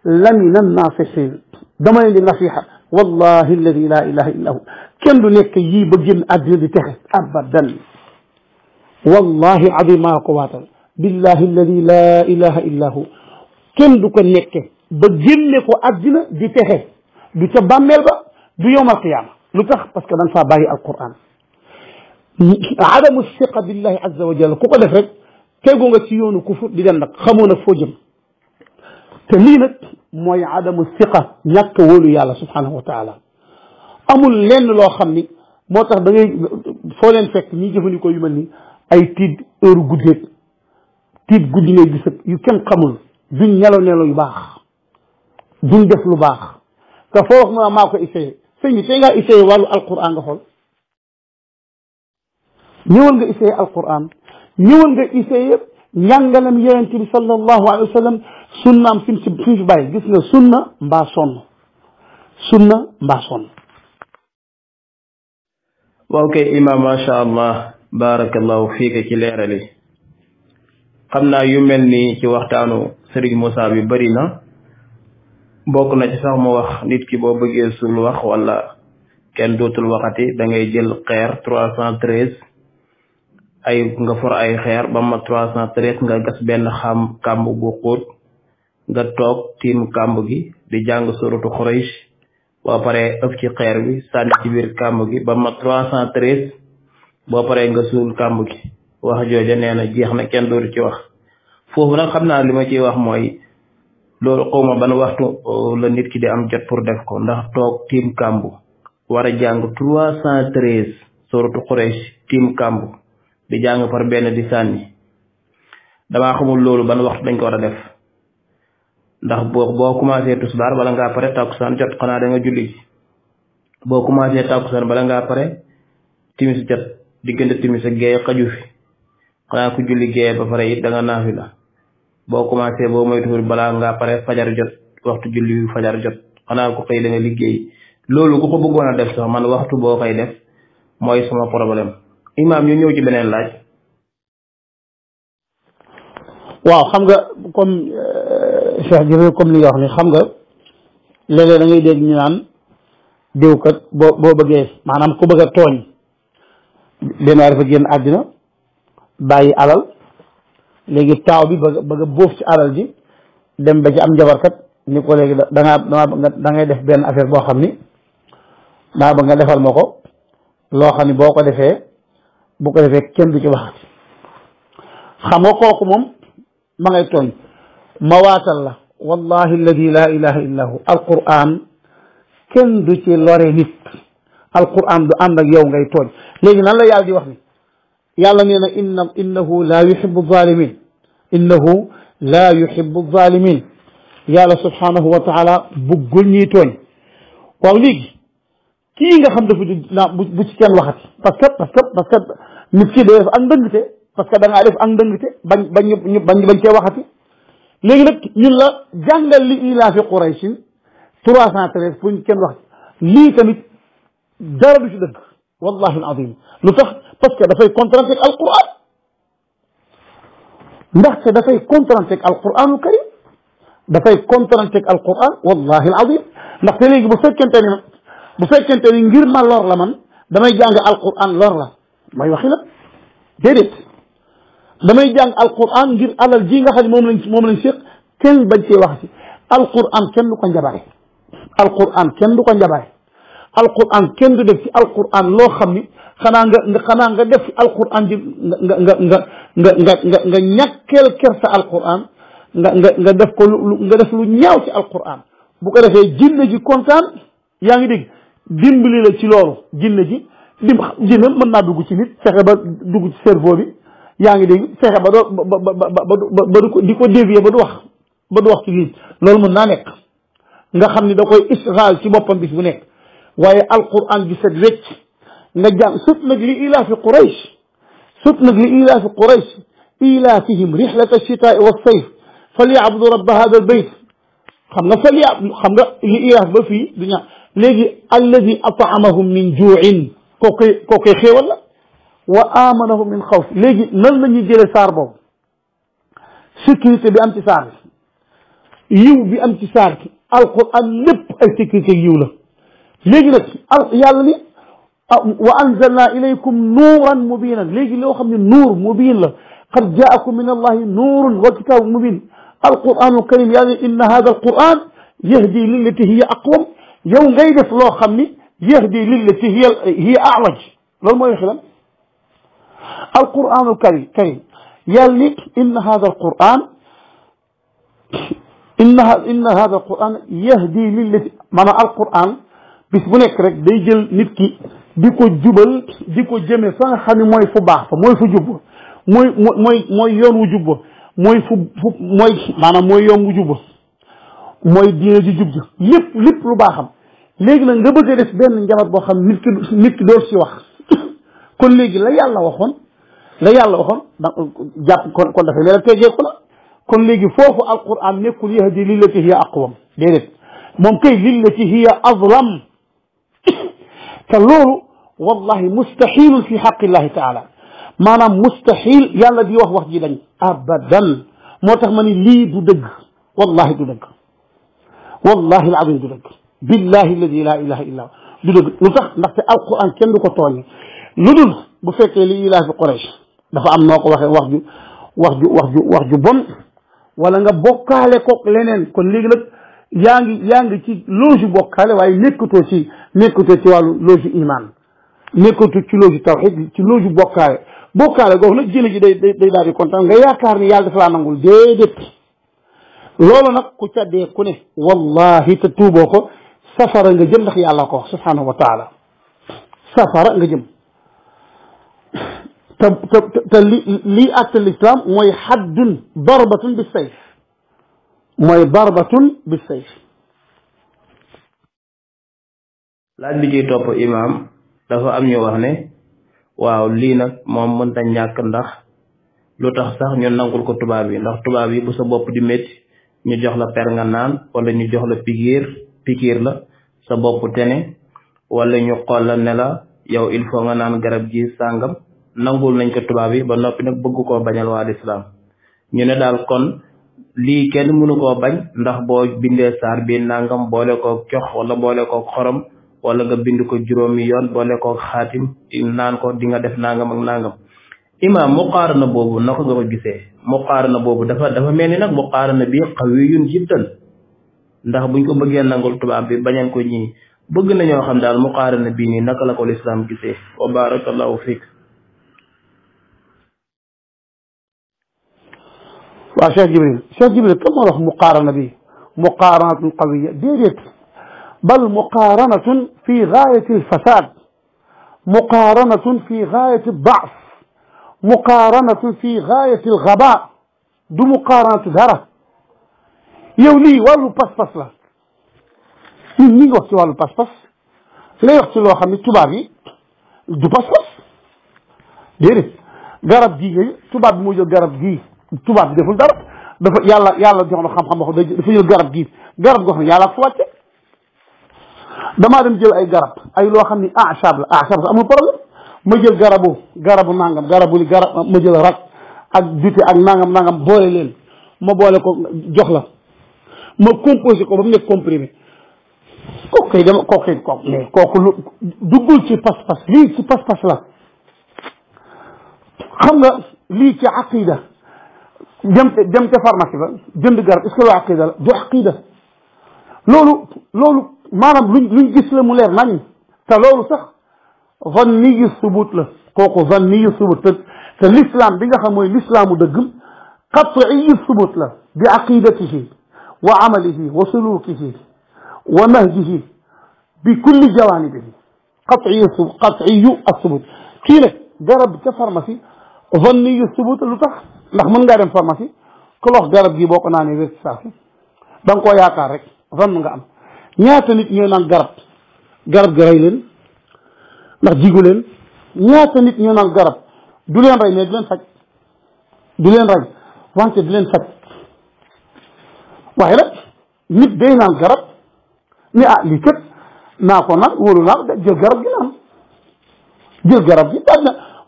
Speaker 2: لمن الناصحين دما لي نصيحه والله الذي لا اله الا هو كم دو نيك يي بجين ادي تخ ابدا والله عظيم قواتل بالله الذي لا اله الا هو كين دوكو نيك با جيمنيكو ادنا دي فخه دو تا با دو يوم القيامه لوتخ باسكو دان فا باي القران عدم الثقه بالله عز وجل كوكو ديف رك تيغو nga ci yoonu kufur di den nak xamona fo jëm te li nak moy adamu thiqa ñak wolu yalla subhanahu wa ta'ala amul lenn lo xamni motax da ay tiit heure guddeeg tiit guddi ngay yu kenn xamul duñ nelaw nelaw yu baax duñ def lu baax te foo wax mu ne maa ko essayé sëñ bi tey ngaa essayé wàllu alquran nga xool ñëwal nga essayé alquran ñëwal nga essayé njàngalam yonent bi sallallahu alayhi sunnaam fi mu ci gis nga sunna mbaa sunna mbaa sonn
Speaker 1: waaw kay imaam macha allah barakallahu fika ci leralé xamna yu melni ci waxtanu sëriñ mosa bi bari na bokk na ci sax mo wax nit ki bo beugé sul wax wala ken dotul waxati da ngay jël xair 313 ay nga for ay xair ba ma 313 nga gas ben xam kambu bu xoot nga tok tim kambu gi di jang suratu quraish wa pare ëf ci xair bi sànni ci bir kambu gi ba ma 313 bo pare nga sul kambu gi wax jooja nee na jeex na kenn dootu ci wax fofu nag xamna lima ci wax moy lolu xawma ban waxtu euh, la nit ki di am jot pour def ko ndax tok tim kambu wara jang 313 suratu cent tim kambu di jang par ben di sanni dama xamul lolu ban waxtu dañ ko wara def ndax bo bo commencé tusbaar bala ngaa pare takkusaan jot xana da nga julli ji boo commencé takkusaan bala ngaa pare timis jot digënd timi sa gee xaju fi xana ku julli gee ba pare it da nga nafi la bo commencé boo moytuwul bala nga pare fajar jot waxtu julli fajar jot xana ku xey da nga liggéey lolu ku ko bëggona def sax man waxtu bo koy def moy sama problème imam ñu ñëw ci benen laaj
Speaker 2: waaw xam nga comme eh, cheikh jibril comme li wax ni xam nga léeg da ngay dégg ñu naan diw kat boo boo bëggee maanaam ku bëgg a tooñ benn waay dafa génn àddina bàyyi alal léegi taaw bi bëgg bëgg a ci alal ji dem ba ci am njabarkat ni ko léegi da dangaa dama def benn affaire boo xam ni daa bëgg nga defal ma ko loo xam ni boo ko defee bu ko defee kenn du ci wax xam nga kooku moom ma ngay tooñ ma waatal la wallahi alladi la ilaha illa hu alquran kenn du ci lore nit القرآن دو أندك يوم غي توج لكن الله يالدي وحني يالني أنا إن إنه لا يحب الظالمين إنه لا يحب الظالمين يالا سبحانه وتعالى بقلني توج وليك كي إنك خمد في لا بتشكل وحدي بس كت بس كت بس كت نسكي ده أندنك تي بس كده عارف أن تي بني بني بني بني بني كي وحدي لكن ñun la jàngal li ila fi quraysh 313 buñ kenn wax lii tamit دار بشو دفق والله العظيم لطخ بسك دفاي كونترانتك القرآن نحس دفاي كونترانتك القرآن الكريم دفاي كونترانتك القرآن والله العظيم نحس ليك بسكن تاني بسكن تاني نجير ما لر لمن دما يجانج القرآن لر ما يوخي لك ديريت دما يجانج القرآن نجير على الجين غاخد مومن شيخ كن بجي واحد القرآن كن لكن جباري القرآن كن لكن جباري alquran kenn du def ci alquran loo xam ni xanaa nga nga xanaa nga def ci alquran ji nga nga nga nga nga nga nga ñakkel ñàkkeel kersa alquran nga nga nga def ko nga def lu ñaaw ci alquran bu ko defee jinne ji kontaan yaa ngi dégg dimbali la ci loolu jinne ji dim jinne mën naa dugg ci nit fexe ba dugg ci cerveau bi yaa ngi dégg fexe ba doo ba ba ba ba du di ko dévier ba du wax ba du wax ci nit loolu mën naa nekk nga xam ni da koy israel ci boppam bis bu nekk waaye alquran ju set wecc nga jàng sut nag li ilaafi quraysh sut nag li ilaafi quraysh ilaafihim rixlata alchitaai walsayf falyacbudu rabba hada albayt xam nga fal ya xam nga li ilaaf ba fii du ñaa léegi alladi ataamahum min juuin kookoy kookoy xéewal la wa amanahum min xawf léegi nan la ñuy jëlee saar boobu sécurité bi am ci saar bi yiw bi am ci saar bi alquran lépp ay sécurité yiw la أه، وانزلنا اليكم نورا مبينا لجي لو خمني نور مبين له قد جاءكم من الله نور وكتاب مبين القران الكريم يعني ان هذا القران يهدي للتي هي اقوم يوم غير لو خمني يهدي للتي هي هي اعوج لو ما يخلم القران الكريم كريم يالني ان هذا القران إن هذا القرآن يهدي للتي معنى القرآن bis bu nekk rek day jël nit ki di ko jubal di ko jëme fa nga xam ne mooy fu baax fa mooy fu jub mooy mooy mooy yoon wu jub mooy fu fu mooy maanaam mooy yoon wu jub mooy diine ji jub ji lépp lépp lu am léegi nag nga bëgg a def benn njabat boo xam nit ki nit ki door si wax kon léegi la yàlla waxoon la yàlla waxoon da jàpp kon kon dafay leeral teggeeku la kon léegi foofu alquran nekkul yahdi lillati hiya aqwam déedéet moom kay lillati hiya azlam فاللول والله مستحيل في حق الله تعالى ما مستحيل يا الذي وهو جدا ابدا ما تهمني لي دودك والله دودك والله العظيم دودك بالله الذي لا اله الا هو دودك لوتخ نخت القران كين دوكو توني لودول بو لي اله في قريش دا فا ام نوكو واخي واخجو واخجو واخجو واخجو بون ولا nga bokale kok lenen kon ligi nak yaa ngi yaa ngi ci looju bokkaale waaye nekkatoo ci nekkatoo ci wàllu looju iman nekkatoo ci looju tawxid ci looju bokkaale bokkaale googu nag jële ji day day daal di kontaan nga yaakaar ni yàlla dafa laa nangul déedéet loolu nag ku ca dee ku ne wallahi te tuuboo ko safara nga jëm ndax yàlla ko subhanahu wa taala safara nga jëm te te te li lii àtte l'islam mooy xaddun darbatun bi sayf mooy darbatun bi sayf
Speaker 1: laaj bi ciy topp imaam dafa am ñu wax ne waaw lii nag moom mën mënta ñàkk ndax lu tax sax ñu nangul ko tubaab yi ndax tubaab yi bu sa bopp di métti ñu jox la per nga naan wala ñu jox la pikiir pikiir la sa bopp tene wala ñu xool la ne la yow il faut nga naan garab gi sàngam nangul nañ ko tubaab yi ba noppi nag bëgg koo bañal waa lislaam ñu ne daal kon lii kenn mënu koo bañ ndax boo bindee saar bi nangam boole ko cox wala boole ko xorom wala nga bind ko juróomi yoon boole ko xaatim naan ko di nga def nangam ak nangam imaam muqaarana boobu naka nga ko gisee muqaarana boobu dafa dafa mel ni nag muqaarana bi qawiyun jiddan ndax buñ ko bëggee nangul tubaab bi bañan ko ñii bëgg nañoo xam daal muqaarana bii nii naka la ko lislaam gisee wa barakallahu
Speaker 2: fiik وشاهد جبريل شاهد جبريل كم نروح مقارنة به مقارنة قوية ديريت بل مقارنة في غاية الفساد مقارنة في غاية الضعف مقارنة في غاية الغباء دو مقارنة دارة يولي والو باس باس لا يولي وقت والو wax ci لا يوقت pas-pas خمي تبابي دو loo xam ديري غرب yi du pas tubaab bi deful dara dafa yàlla yàlla jox na xam-xam wax dafa jël garab gii garab goo xam ne yàlla ko wàcce damaa dem jël ay garab ay loo xam ni ahsab la ahsab sa amul problème ma jël garabu garabu nangam garabu li garab ma jël rak ak dute ak nangam nangam boole leen ma boole ko jox la ma composé ko ba mu nekk comprimé kooku kay dama kooku kay kooku mais kooku lu duggul ci pas-pas lii ci pas-pas la xam nga lii ci aqida dem dem ca pharmacie ba jënd garab est ce que loo aqida la du aqida loolu loolu maanaam luñ luñ gis la mu leer nañ te loolu sax zanniyu subut la kooku zanniyu subut te te l'islam bi nga xam mooy l'islaamu dëggam qatiyu subut la bi aqidatihi wa amalihi wa sulukihi wa nahjihi bi kulli jawanibihi qatiyu qatiyu asubut kii nag garab ca pharmacie zanniyu subut lu tax ndax mën ngaa dem pharmacie kolox garab gi boo ko naanee wér ci saa si da nga koo yaakaar rek ram nga am ñaata nit ñoo naan garab garab gi rey leen ndax jigu leen ñaata nit ñoo naan garab du leen rey mais du leen faj du leen rey wante du leen faj waaye nag nit day naan garab ni ah lii kët naa ko naan wóolu naa ko jël garab gi naan jël garab gi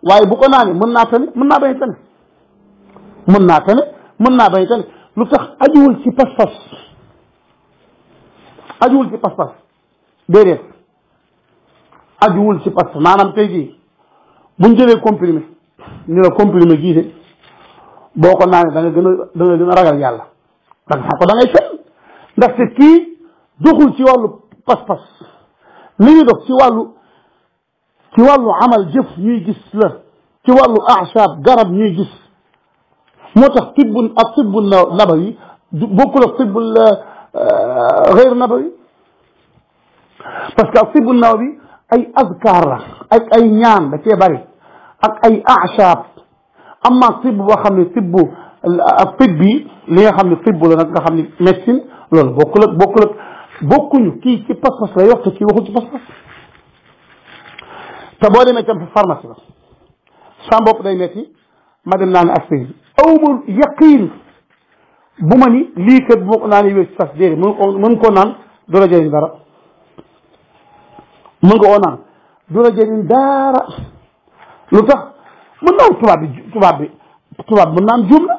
Speaker 2: waaye bu ko naanee mën naa tamit mën naa bañ tamit mën naa tane mën naa bañ tane lu tax ajuwul ci pas-pas ajuwul ci pas-pas déedéet ajuwul ci pas-pas maanaam tey jii buñ jëlee comprimé ñu la comprimé gii de boo ko naanee da nga gën a da nga gën a ragal yàlla da nga xam ko da ngay fen ndaxte kii doxul ci wàllu pas-pas li ñu dox ci wàllu ci wàllu amal jëf ñuy gis la ci wàllu ahsaab garab ñuy gis موتاخ طب الطب النبوي بوكو الطب آه، غير نبوي باسكو الطب النبوي اي اذكار اي اي نيام دا تي بري اك اي اعشاب اما الطب وخامي طب الطبي لي خامي طب لا نك خامي ميدسين لول بوكو بوكو بوكو كي كي باسباس لا يوخ كي واخو باسباس تبولي ما كان في الفارماسي سان بوب داي ميتي ma dem naan ak sëy aw ma yaqiin bu ma lii kat bu ma ko naanee wécc sax déedéet mën ko koo naan du la jëriñ dara mën nga naan du la jëriñ dara lu tax mën naa am tubaab bi tubaab bi tubaab bi mën naa am juum la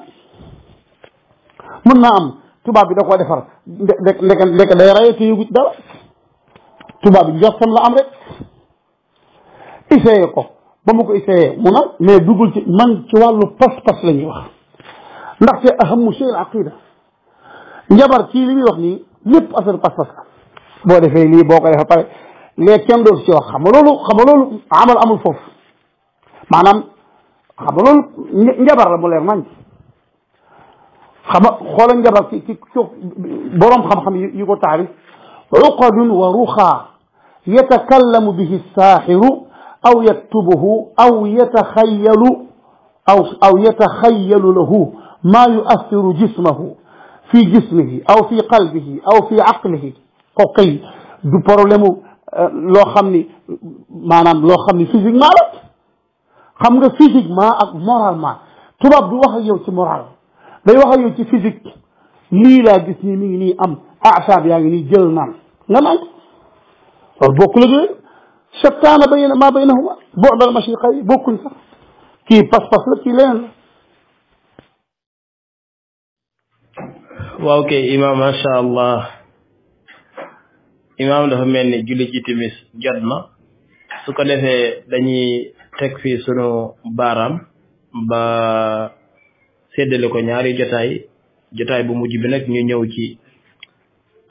Speaker 2: mën naa am tubaab bi da koo defar nde ndeke ndeke day rayee te yëgut dara tubaab bi njortam la am rek essayé ko. ba ma ko essayé mu na mais dugul ci man ci wàllu pas-pas la ñuy wax ndaxte ahamu shay alaqida njabar ci li muy wax nii lépp affaire pas-pas la boo defee lii boo ko defee pare léegi kenn dootu ci wax xam nga loolu xam nga loolu amal amul foofu maanaam xam nga loolu njabar la mu leer nañ xam nga xoolal njabar ci ci borom xam-xam yu ko taarif uqadun wa ruxa yatakallamu bihi saaxiru أو يكتبه أو يتخيل أو, أو يتخيل له ما يؤثر جسمه في جسمه أو في قلبه أو في عقله أوكي دو بروبليمو لو خامني مانام لو خامني فيزيك ما لا خمغا فيزيك ما اك مورال ما تباب دو واخ يو سي مورال داي واخ يو سي فيزيك لي لا جسمي مي ني ام اعصاب ياغي ني جيل نان نما بوكلو cheptaana bayna maa baynahuma bu'dal mashriqayni bokkuñ sax kii pas-pas la kii leneen
Speaker 1: waaw kay imaam macha allah imaam dafa mel ni julli ci timis jot su ko defee dañuy teg fii sunu baaraam ba séddale ko ñaari jotaay jotaay bu mujj bi nag ñu ñëw ci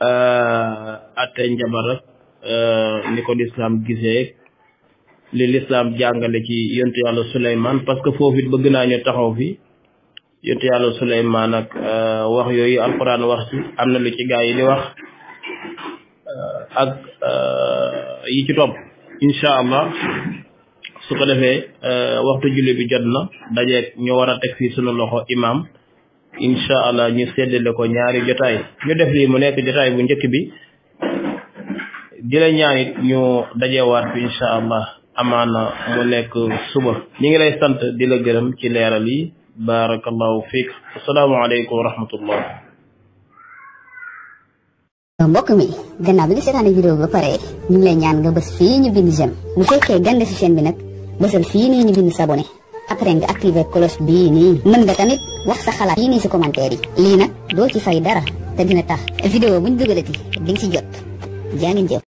Speaker 1: euh, atte njabar rek Euh, ni ko lislaam gisee li lislaam jàngale ci yontu yàlla Suleymaan parce que foofu it bëgg naa ñu taxaw fi yontu yàlla Suleymaan ak euh, wax yooyu alquran wax ci am na lu ci gaa yi di wax euh, ak yi ci topp incha allah su ko defee waxtu julli bi jot na dajeeg ñu war a teg fii sunu loxo imam incha allah ñu séddale ko ñaari jotaay ñu def lii mu nekk jotaay bu njëkk bi dila ñaan ñu dajé dajewaat fi inshallah amana mu nek suba ñi ngi lay sante di la gërëm ci léral yi barakallahu fik assalamu alaykum wa rahmatullah
Speaker 3: mbokk mi gannaaw bi nga seetaane vidéo ba pare ñu ngi lay ñaan nga bës fii ñu bind jëm bu fekkee gande si chaîne bi nag bësal fii nii ñu bind s'abonné après nga activer cloche bii nii mën nga tamit wax sa xalaat fii nii si commentaire
Speaker 2: yi lii nag doo ci fay dara te dina tax vidéo buñ dugalati di nga si jot jaa ngeen jëf